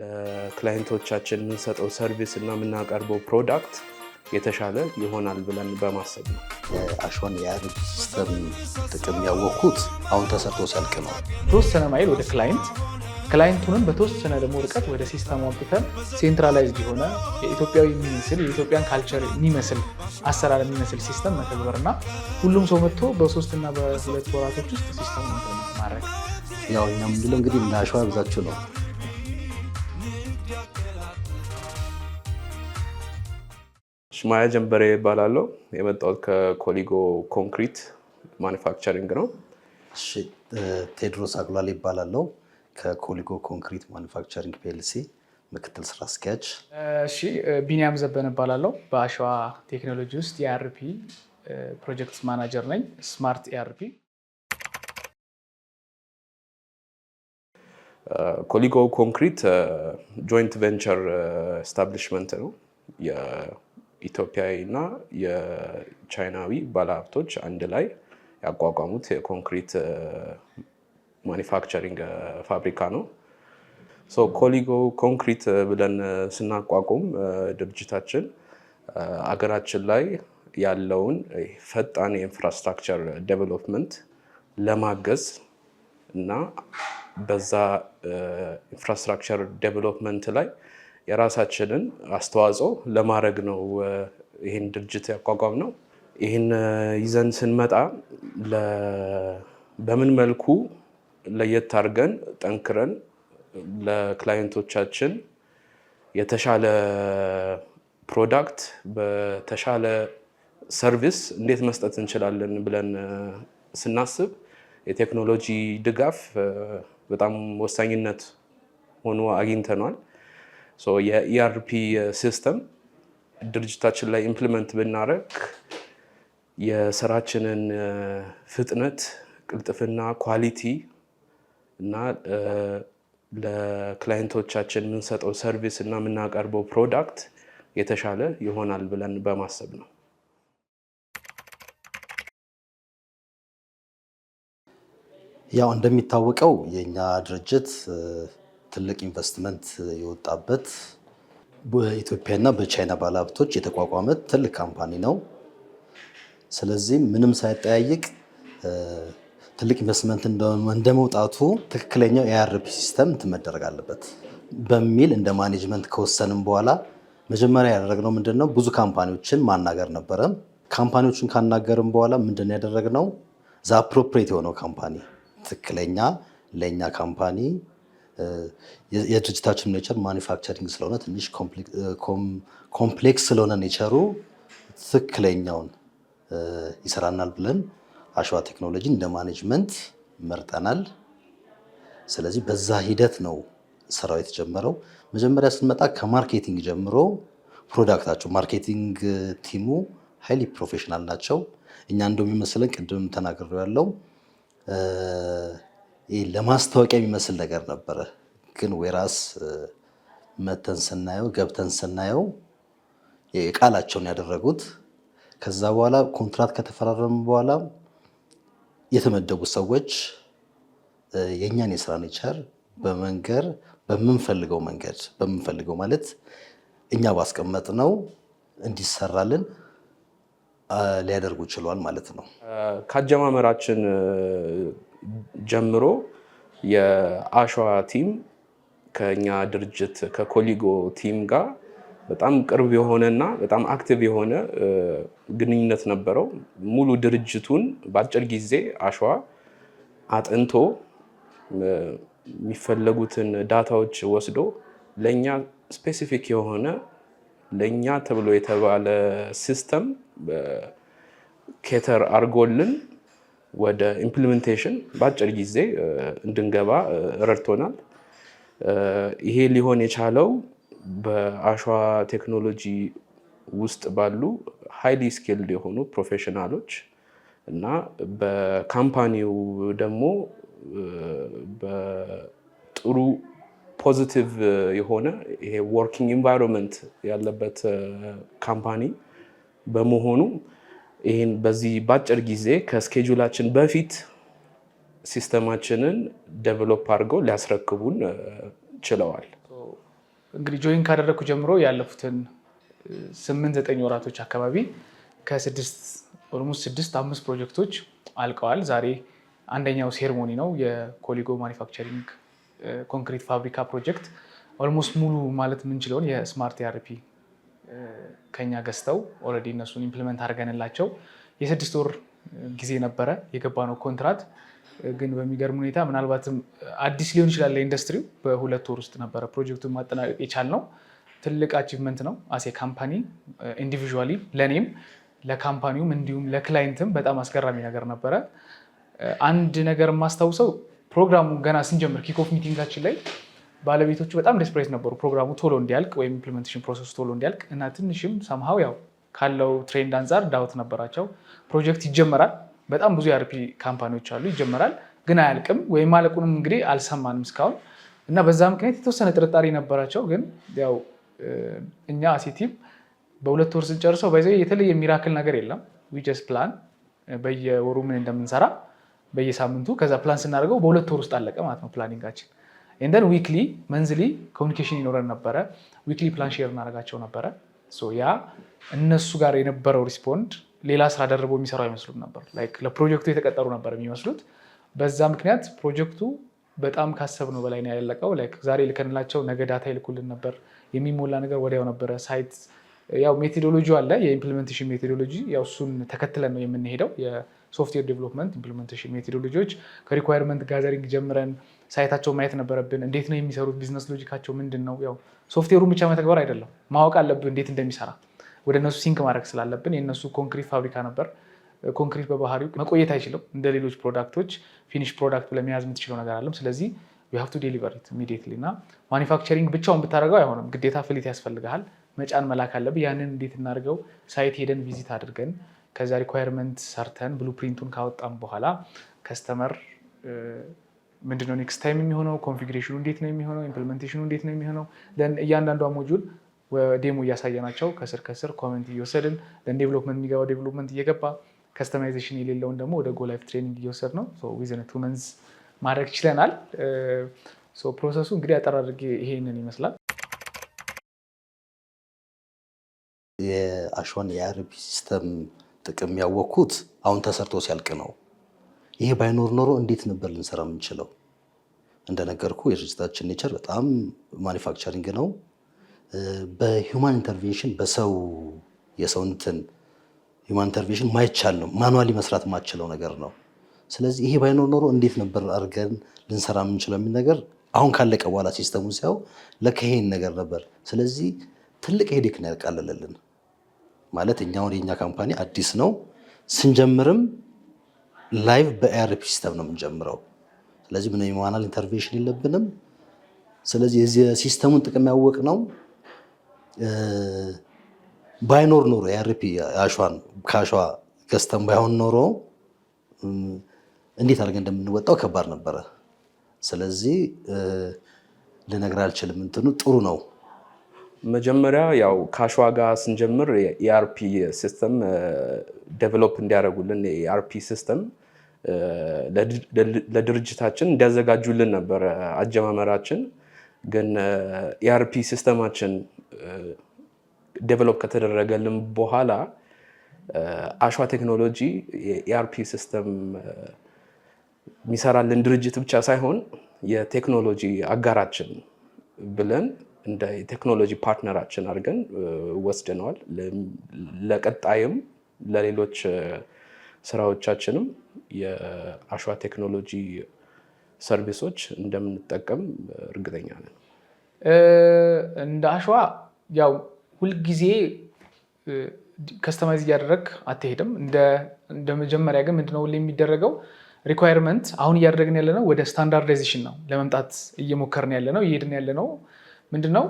ለክላይንቶቻችን የምንሰጠው ሰርቪስ እና የምናቀርበው ፕሮዳክት የተሻለ ይሆናል ብለን በማሰብ ነው። አሸዋን የአረጅ ሲስተም ጥቅም ያወቅኩት አሁን ተሰርቶ ሰልቅ ነው። ተወሰነ ማይል ወደ ክላይንት ክላይንቱንም በተወሰነ ደግሞ ርቀት ወደ ሲስተም አምጥተን ሴንትራላይዝድ የሆነ የኢትዮጵያዊ የሚመስል የኢትዮጵያን ካልቸር የሚመስል አሰራር የሚመስል ሲስተም መተግበር እና ሁሉም ሰው መጥቶ በሶስትና በሁለት ወራቶች ውስጥ ሲስተም ማድረግ ያው እኛ ምንድነው እንግዲህ እንደ አሸዋ ነው ማያ ጀንበሬ ይባላለው። የመጣሁት ከኮሊጎ ኮንክሪት ማኒፋክቸሪንግ ነው። ቴድሮስ አግላል ይባላለሁ ከኮሊጎ ኮንክሪት ማኒፋክቸሪንግ ፒኤልሲ ምክትል ስራ አስኪያጅ። እሺ ቢኒያም ዘበን እባላለሁ በአሸዋ ቴክኖሎጂ ውስጥ የአርፒ ፕሮጀክት ማናጀር ነኝ። ስማርት ኤአርፒ ኮሊጎ ኮንክሪት ጆይንት ቬንቸር ስታብሊሽመንት ነው። ኢትዮጵያዊና የቻይናዊ ባለሀብቶች አንድ ላይ ያቋቋሙት የኮንክሪት ማኒፋክቸሪንግ ፋብሪካ ነው። ኮሊጎ ኮንክሪት ብለን ስናቋቁም ድርጅታችን አገራችን ላይ ያለውን ፈጣን የኢንፍራስትራክቸር ዴቨሎፕመንት ለማገዝ እና በዛ ኢንፍራስትራክቸር ዴቨሎፕመንት ላይ የራሳችንን አስተዋጽኦ ለማድረግ ነው ይህን ድርጅት ያቋቋም ነው። ይህን ይዘን ስንመጣ በምን መልኩ ለየት አድርገን ጠንክረን ለክላይንቶቻችን የተሻለ ፕሮዳክት በተሻለ ሰርቪስ እንዴት መስጠት እንችላለን ብለን ስናስብ የቴክኖሎጂ ድጋፍ በጣም ወሳኝነት ሆኖ አግኝተኗል። የኢአርፒ ሲስተም ድርጅታችን ላይ ኢምፕሊመንት ብናደረግ የስራችንን ፍጥነት፣ ቅልጥፍና፣ ኳሊቲ እና ለክላይንቶቻችን የምንሰጠው ሰርቪስ እና የምናቀርበው ፕሮዳክት የተሻለ ይሆናል ብለን በማሰብ ነው። ያው እንደሚታወቀው የእኛ ድርጅት ትልቅ ኢንቨስትመንት የወጣበት በኢትዮጵያና በቻይና ባለሀብቶች የተቋቋመ ትልቅ ካምፓኒ ነው። ስለዚህም ምንም ሳይጠያይቅ ትልቅ ኢንቨስትመንት እንደመውጣቱ ትክክለኛው የአርፒ ሲስተም መደረግ አለበት በሚል እንደ ማኔጅመንት ከወሰንም በኋላ መጀመሪያ ያደረግነው ምንድነው ብዙ ካምፓኒዎችን ማናገር ነበረ። ካምፓኒዎችን ካናገርም በኋላ ምንድን ነው ያደረግነው? ዛፕሮፕሬት የሆነው ካምፓኒ ትክክለኛ ለእኛ ካምፓኒ የድርጅታችን ኔቸር ማኒፋክቸሪንግ ስለሆነ ትንሽ ኮምፕሌክስ ስለሆነ ኔቸሩ ትክክለኛውን ይሰራናል ብለን አሸዋ ቴክኖሎጂ እንደ ማኔጅመንት መርጠናል። ስለዚህ በዛ ሂደት ነው ስራው የተጀመረው። መጀመሪያ ስንመጣ ከማርኬቲንግ ጀምሮ ፕሮዳክታቸው ማርኬቲንግ ቲሙ ሀይሊ ፕሮፌሽናል ናቸው። እኛ እንደሚመስለን ቅድም ተናግሬ ያለው ለማስታወቂያ የሚመስል ነገር ነበረ። ግን ወይራስ መተን ስናየው ገብተን ስናየው የቃላቸውን ያደረጉት ከዛ በኋላ ኮንትራት ከተፈራረሙ በኋላ የተመደቡ ሰዎች የእኛን የስራ ኔቸር በመንገር በምንፈልገው መንገድ በምንፈልገው ማለት እኛ ባስቀመጥ ነው እንዲሰራልን ሊያደርጉ ችሏል ማለት ነው። ከአጀማመራችን ጀምሮ የአሸዋ ቲም ከኛ ድርጅት ከኮሊጎ ቲም ጋር በጣም ቅርብ የሆነና በጣም አክቲቭ የሆነ ግንኙነት ነበረው። ሙሉ ድርጅቱን በአጭር ጊዜ አሸዋ አጥንቶ የሚፈለጉትን ዳታዎች ወስዶ ለእኛ ስፔሲፊክ የሆነ ለእኛ ተብሎ የተባለ ሲስተም ኬተር አድርጎልን ወደ ኢምፕሊሜንቴሽን በአጭር ጊዜ እንድንገባ ረድቶናል። ይሄ ሊሆን የቻለው በአሸዋ ቴክኖሎጂ ውስጥ ባሉ ሃይሊ ስኪልድ የሆኑ ፕሮፌሽናሎች እና በካምፓኒው ደግሞ በጥሩ ፖዚቲቭ የሆነ ይሄ ወርኪንግ ኢንቫይሮንመንት ያለበት ካምፓኒ በመሆኑ ይህን በዚህ በአጭር ጊዜ ከስኬጁላችን በፊት ሲስተማችንን ደቨሎፕ አድርገው ሊያስረክቡን ችለዋል። እንግዲህ ጆይን ካደረግኩ ጀምሮ ያለፉትን ስምንት ዘጠኝ ወራቶች አካባቢ ከስድስት ኦልሞስት ስድስት አምስት ፕሮጀክቶች አልቀዋል። ዛሬ አንደኛው ሴርሞኒ ነው። የኮሊጎ ማኒፋክቸሪንግ ኮንክሪት ፋብሪካ ፕሮጀክት ኦልሞስት ሙሉ ማለት የምንችለውን የስማርት ኢአርፒ ከኛ ገዝተው ኦልሬዲ እነሱን ኢምፕሊመንት አድርገንላቸው የስድስት ወር ጊዜ ነበረ የገባ ነው ኮንትራት። ግን በሚገርም ሁኔታ ምናልባትም አዲስ ሊሆን ይችላል ለኢንዱስትሪው በሁለት ወር ውስጥ ነበረ ፕሮጀክቱን ማጠናቀቅ የቻልነው። ትልቅ አቺቭመንት ነው አሴ ካምፓኒ ኢንዲቪዥዋሊ፣ ለእኔም ለካምፓኒውም እንዲሁም ለክላይንትም በጣም አስገራሚ ነገር ነበረ። አንድ ነገር የማስታውሰው ፕሮግራሙ ገና ስንጀምር ኪክ ኦፍ ሚቲንጋችን ላይ ባለቤቶቹ በጣም ዴስፕሬት ነበሩ፣ ፕሮግራሙ ቶሎ እንዲያልቅ ወይም ኢምፕሊሜንቴሽን ፕሮሰሱ ቶሎ እንዲያልቅ እና ትንሽም ሰምሃው ያው ካለው ትሬንድ አንጻር ዳውት ነበራቸው። ፕሮጀክት ይጀመራል። በጣም ብዙ የአርፒ e ካምፓኒዎች አሉ። ይጀመራል ግን አያልቅም ወይም ማለቁንም እንግዲህ አልሰማንም እስካሁን እና በዛ ምክንያት የተወሰነ ጥርጣሬ ነበራቸው። ግን ያው እኛ አሴቲም በሁለት ወር ስንጨርሰው በዚ የተለየ የሚራክል ነገር የለም። ዊጀስ ፕላን በየወሩ ምን እንደምንሰራ በየሳምንቱ ከዛ ፕላን ስናደርገው በሁለት ወር ውስጥ አለቀ ማለት ነው ፕላኒንጋችን። ንን ዊክሊ መንዝሊ ኮሚኒኬሽን ይኖረን ነበረ። ዊክሊ ፕላን ሼር እናደርጋቸው ነበረ። ያ እነሱ ጋር የነበረው ሪስፖንድ ሌላ ስራ ደርበው የሚሰሩ አይመስሉም ነበር። ለፕሮጀክቱ የተቀጠሩ ነበር የሚመስሉት። በዛ ምክንያት ፕሮጀክቱ በጣም ካሰብነው በላይ ነው ያለቀው። ዛሬ ልከንላቸው ነገ ዳታ ይልኩልን ነበር። የሚሞላ ነገር ወዲያው ነበረ። ሳይት ያው ሜቶዶሎጂ አለ፣ የኢምፕሊመንቴሽን ሜቶዶሎጂ። ያው እሱን ተከትለን ነው የምንሄደው። የሶፍትዌር ዴቨሎፕመንት ኢምፕሊመንቴሽን ሜቶዶሎጂዎች ከሪኳየርመንት ጋዘሪንግ ጀምረን ሳይታቸው ማየት ነበረብን። እንዴት ነው የሚሰሩት? ቢዝነስ ሎጂካቸው ምንድን ነው? ያው ሶፍትዌሩን ብቻ መተግበር አይደለም ማወቅ አለብን እንዴት እንደሚሰራ። ወደ እነሱ ሲንክ ማድረግ ስላለብን የእነሱ ኮንክሪት ፋብሪካ ነበር። ኮንክሪት በባህሪው መቆየት አይችልም። እንደ ሌሎች ፕሮዳክቶች ፊኒሽ ፕሮዳክት ለመያዝ የምትችለው ነገር አለም። ስለዚህ ዩ ቱ ዴሊቨር ኢሚዲየትሊ እና ማኒፋክቸሪንግ ብቻውን ብታደርገው አይሆንም። ግዴታ ፍሊት ያስፈልግሃል፣ መጫን መላክ አለብ ያንን እንዴት እናደርገው? ሳይት ሄደን ቪዚት አድርገን ከዛ ሪኳየርመንት ሰርተን ብሉ ፕሪንቱን ካወጣም በኋላ ከስተመር ምንድነው ኔክስት ታይም የሚሆነው፣ ኮንፊግሬሽኑ እንዴት ነው የሚሆነው፣ ኢምፕሊሜንቴሽኑ እንዴት ነው የሚሆነው፣ እያንዳንዷ ሞጁል ዴሞ እያሳየናቸው ከስር ከስር ኮመንት እየወሰድን ዴቨሎፕመንት የሚገባው ዴቨሎፕመንት እየገባ ከስተማይዜሽን የሌለውን ደግሞ ወደ ጎላይፍ ትሬኒንግ እየወሰድ ነው ዊዝን ቱ መንዝ ማድረግ ችለናል። ፕሮሰሱ እንግዲህ አጠር አድርጌ ይሄንን ይመስላል። የአሾን የአርቢ ሲስተም ጥቅም ያወቅኩት አሁን ተሰርቶ ሲያልቅ ነው። ይሄ ባይኖር ኖሮ እንዴት ነበር ልንሰራ የምንችለው? እንደነገርኩ የድርጅታችን ኔቸር በጣም ማኒፋክቸሪንግ ነው። በሂውማን ኢንተርቬንሽን በሰው የሰው እንትን ሂውማን ኢንተርቬንሽን ማይቻል ነው፣ ማኑዋሊ መስራት የማትችለው ነገር ነው። ስለዚህ ይሄ ባይኖር ኖሮ እንዴት ነበር አድርገን ልንሰራ የምንችለው የሚል ነገር አሁን ካለቀ በኋላ ሲስተሙ ሲያው ለከሄን ነገር ነበር። ስለዚህ ትልቅ ሄዴክ ነው ያቃለለልን ማለት እኛውን የኛ ካምፓኒ አዲስ ነው ስንጀምርም ላይቭ በኤአርፒ ሲስተም ነው የምንጀምረው። ስለዚህ ምንም የማናል ኢንተርቬንሽን የለብንም። ስለዚህ ሲስተሙን ጥቅም ያወቅ ነው ባይኖር ኖሮ የአርፒ አሸዋን ከአሸዋ ገዝተን ባይሆን ኖሮ እንዴት አድርገን እንደምንወጣው ከባድ ነበረ። ስለዚህ ልነግር አልችልም። እንትኑ ጥሩ ነው። መጀመሪያ ያው ከአሸዋ ጋር ስንጀምር የኢአርፒ ሲስተም ዴቨሎፕ እንዲያደርጉልን የኢአርፒ ሲስተም ለድርጅታችን እንዲያዘጋጁልን ነበር አጀማመራችን። ግን ኢአርፒ ሲስተማችን ዴቨሎፕ ከተደረገልን በኋላ አሸዋ ቴክኖሎጂ የኢአርፒ ሲስተም የሚሰራልን ድርጅት ብቻ ሳይሆን የቴክኖሎጂ አጋራችን ብለን እንደ የቴክኖሎጂ ፓርትነራችን አድርገን ወስደነዋል። ለቀጣይም ለሌሎች ስራዎቻችንም የአሸዋ ቴክኖሎጂ ሰርቪሶች እንደምንጠቀም እርግጠኛ ነን። እንደ አሸዋ ያው ሁልጊዜ ከስተማይዝ እያደረግ አትሄድም። እንደ መጀመሪያ ግን ምንድነው ሁ የሚደረገው ሪኳየርመንት አሁን እያደረግን ያለ ነው። ወደ ስታንዳርዳይዜሽን ነው ለመምጣት እየሞከርን ያለ ነው እየሄድን ያለ ነው። ምንድነው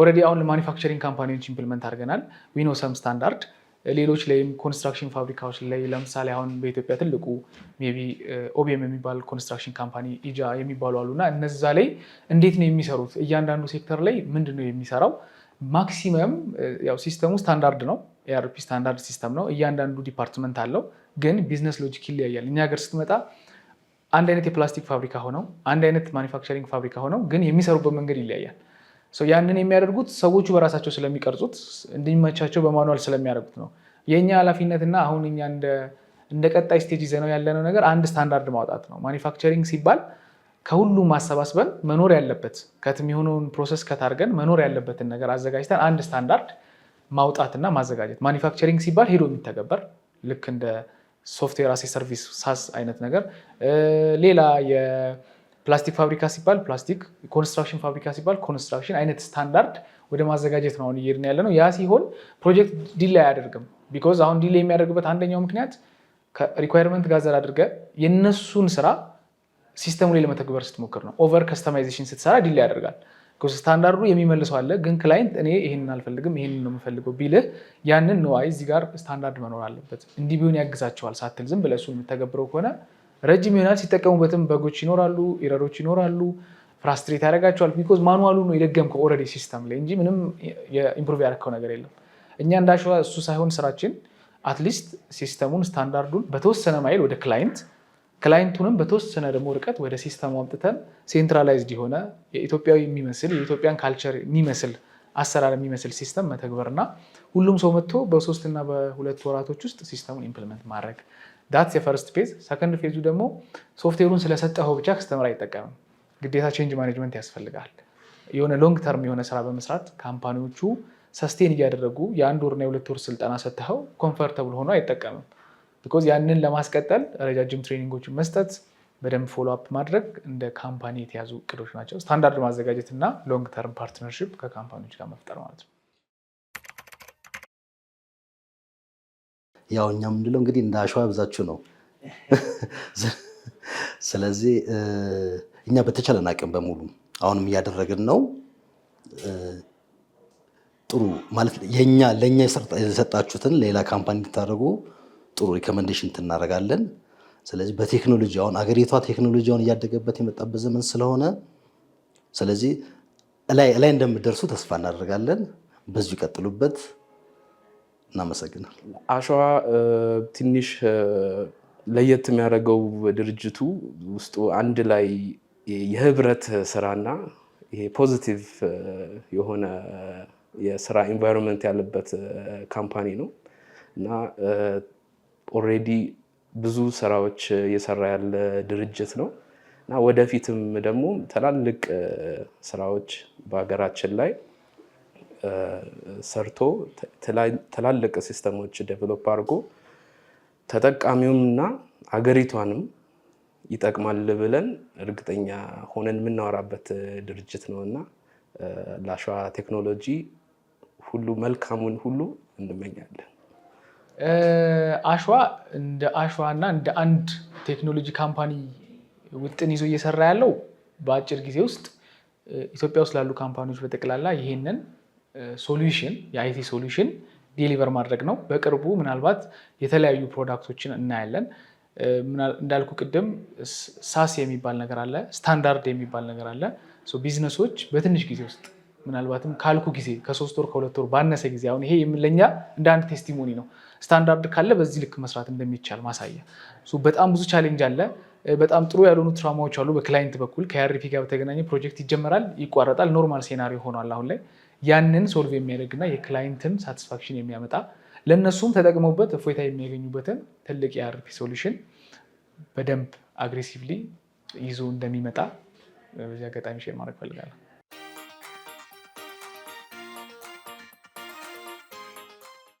ኦልሬዲ አሁን ለማኒፋክቸሪንግ ካምፓኒዎች ኢምፕሊመንት አድርገናል። ዊኖ ሰም ስታንዳርድ ሌሎች ላይም ኮንስትራክሽን ፋብሪካዎች ላይ ለምሳሌ አሁን በኢትዮጵያ ትልቁ ቢ ኦቢኤም uh, የሚባል ኮንስትራክሽን ካምፓኒ ኢጃ የሚባሉ አሉ እና እነዛ ላይ እንዴት ነው የሚሰሩት? እያንዳንዱ ሴክተር ላይ ምንድን uh, ነው የሚሰራው? ማክሲመም ያው ሲስተሙ ስታንዳርድ ነው፣ ኤአርፒ ስታንዳርድ ሲስተም ነው። እያንዳንዱ ዲፓርትመንት አለው፣ ግን ቢዝነስ ሎጂክ ይለያያል። እኛ ሀገር ስትመጣ አንድ አይነት የፕላስቲክ ፋብሪካ ሆነው አንድ አይነት ማኒፋክቸሪንግ ፋብሪካ ሆነው ግን የሚሰሩበት መንገድ ይለያያል። ያንን የሚያደርጉት ሰዎቹ በራሳቸው ስለሚቀርጹት እንዲመቻቸው በማኑዋል ስለሚያደርጉት ነው። የእኛ ኃላፊነትና አሁን እኛ እንደ ቀጣይ ስቴጅ ይዘነው ያለነው ነገር አንድ ስታንዳርድ ማውጣት ነው። ማኒፋክቸሪንግ ሲባል ከሁሉም ማሰባስበን መኖር ያለበት ከትም የሆነውን ፕሮሰስ ከታርገን መኖር ያለበትን ነገር አዘጋጅተን አንድ ስታንዳርድ ማውጣትና ማዘጋጀት። ማኒፋክቸሪንግ ሲባል ሄዶ የሚተገበር ልክ እንደ ሶፍትዌር አሴ ሰርቪስ ሳስ አይነት ነገር ሌላ ፕላስቲክ ፋብሪካ ሲባል ፕላስቲክ፣ ኮንስትራክሽን ፋብሪካ ሲባል ኮንስትራክሽን አይነት ስታንዳርድ ወደ ማዘጋጀት ነው አሁን እየሄድን ያለ ነው። ያ ሲሆን ፕሮጀክት ዲላይ አያደርግም። ቢኮዝ አሁን ዲላይ የሚያደርግበት አንደኛው ምክንያት ከሪኳየርመንት ጋዘር አድርገ የእነሱን ስራ ሲስተሙ ላይ ለመተግበር ስትሞክር ነው። ኦቨር ከስተማይዜሽን ስትሰራ ዲላይ ያደርጋል። ስታንዳርዱ የሚመልሰው አለ፣ ግን ክላይንት እኔ ይህንን አልፈልግም ይህንን ነው የምፈልገው ቢልህ ያንን ነዋይ እዚህ ጋር ስታንዳርድ መኖር አለበት እንዲህ ቢሆን ያግዛቸዋል ሳትል ዝም ብለህ እሱን የምተገብረው ከሆነ ረጅም ይሆናል። ሲጠቀሙበትም በጎች ይኖራሉ፣ ኢረሮች ይኖራሉ። ፍራስትሬት ያደርጋቸዋል። ቢኮዝ ማኑዋሉ ነው የደገምከው ኦልሬዲ ሲስተም ላይ እንጂ ምንም የኢምፕሩቭ ያደረግከው ነገር የለም። እኛ እንዳሸዋ እሱ ሳይሆን ስራችን አትሊስት ሲስተሙን ስታንዳርዱን በተወሰነ ማይል ወደ ክላይንት ክላይንቱንም በተወሰነ ደግሞ ርቀት ወደ ሲስተሙ አምጥተን ሴንትራላይዝድ የሆነ የኢትዮጵያዊ የሚመስል የኢትዮጵያን ካልቸር የሚመስል አሰራር የሚመስል ሲስተም መተግበርና ሁሉም ሰው መጥቶ በሶስትና በሁለት ወራቶች ውስጥ ሲስተሙን ኢምፕልመንት ማድረግ ዳትስ የፈርስት ፌዝ። ሰከንድ ፌዙ ደግሞ ሶፍትዌሩን ስለሰጠኸው ብቻ ከስተመር አይጠቀምም። ግዴታ ቼንጅ ማኔጅመንት ያስፈልጋል። የሆነ ሎንግ ተርም የሆነ ስራ በመስራት ካምፓኒዎቹ ሰስቴን እያደረጉ የአንድ ወርና የሁለት ወር ስልጠና ሰጥተኸው ኮምፈርተብል ሆኖ አይጠቀምም። ቢኮዝ ያንን ለማስቀጠል ረጃጅም ትሬኒንጎችን መስጠት በደንብ ፎሎ አፕ ማድረግ እንደ ካምፓኒ የተያዙ እቅዶች ናቸው። ስታንዳርድ ማዘጋጀት እና ሎንግ ተርም ፓርትነርሽፕ ከካምፓኒዎች ጋር መፍጠር ማለት ነው። ያው እኛ ምንድለው እንግዲህ እንደ አሸዋ ብዛችሁ ነው። ስለዚህ እኛ በተቻለን አቅም በሙሉ አሁንም እያደረግን ነው። ጥሩ ማለት የኛ ለእኛ የሰጣችሁትን ሌላ ካምፓኒ እንድታደርጉ ጥሩ ሪኮመንዴሽን እናደርጋለን። ስለዚህ በቴክኖሎጂ አሁን አገሪቷ ቴክኖሎጂውን እያደገበት የመጣበት ዘመን ስለሆነ ስለዚህ ላይ እንደምደርሱ ተስፋ እናደርጋለን። በዚሁ ይቀጥሉበት። እናመሰግናል። አሸዋ ትንሽ ለየት የሚያደርገው ድርጅቱ ውስጡ አንድ ላይ የህብረት ስራና ይሄ ፖዚቲቭ የሆነ የስራ ኤንቫይሮንመንት ያለበት ካምፓኒ ነው እና ኦልሬዲ ብዙ ስራዎች እየሰራ ያለ ድርጅት ነው እና ወደፊትም ደግሞ ትላልቅ ስራዎች በሀገራችን ላይ ሰርቶ ትላልቅ ሲስተሞች ዴቨሎፕ አድርጎ ተጠቃሚውምና አገሪቷንም ይጠቅማል ብለን እርግጠኛ ሆነን የምናወራበት ድርጅት ነው እና ለአሸዋ ቴክኖሎጂ ሁሉ መልካሙን ሁሉ እንመኛለን። አሸዋ እንደ አሸዋ እና እንደ አንድ ቴክኖሎጂ ካምፓኒ ውጥን ይዞ እየሰራ ያለው በአጭር ጊዜ ውስጥ ኢትዮጵያ ውስጥ ላሉ ካምፓኒዎች በጠቅላላ ይሄንን ሶሉሽን የአይቲ ሶሉሽን ዴሊቨር ማድረግ ነው። በቅርቡ ምናልባት የተለያዩ ፕሮዳክቶችን እናያለን። እንዳልኩ ቅድም ሳስ የሚባል ነገር አለ፣ ስታንዳርድ የሚባል ነገር አለ። ቢዝነሶች በትንሽ ጊዜ ውስጥ ምናልባትም ካልኩ ጊዜ ከሶስት ወር ከሁለት ወር ባነሰ ጊዜ አሁን ይሄ ለእኛ እንደ አንድ ቴስቲሞኒ ነው። ስታንዳርድ ካለ በዚህ ልክ መስራት እንደሚቻል ማሳያ። በጣም ብዙ ቻሌንጅ አለ። በጣም ጥሩ ያልሆኑ ትራማዎች አሉ። በክላይንት በኩል ከአርፒ ጋር በተገናኘ ፕሮጀክት ይጀመራል፣ ይቋረጣል። ኖርማል ሴናሪዮ ሆኗል አሁን ላይ ያንን ሶልቭ የሚያደርግና የክላይንትን ሳቲስፋክሽን የሚያመጣ ለእነሱም ተጠቅመውበት እፎይታ የሚያገኙበትን ትልቅ የአርፒ ሶሉሽን በደንብ አግሬሲቭሊ ይዞ እንደሚመጣ በዚህ አጋጣሚ ሼር ማድረግ ፈልጋለሁ።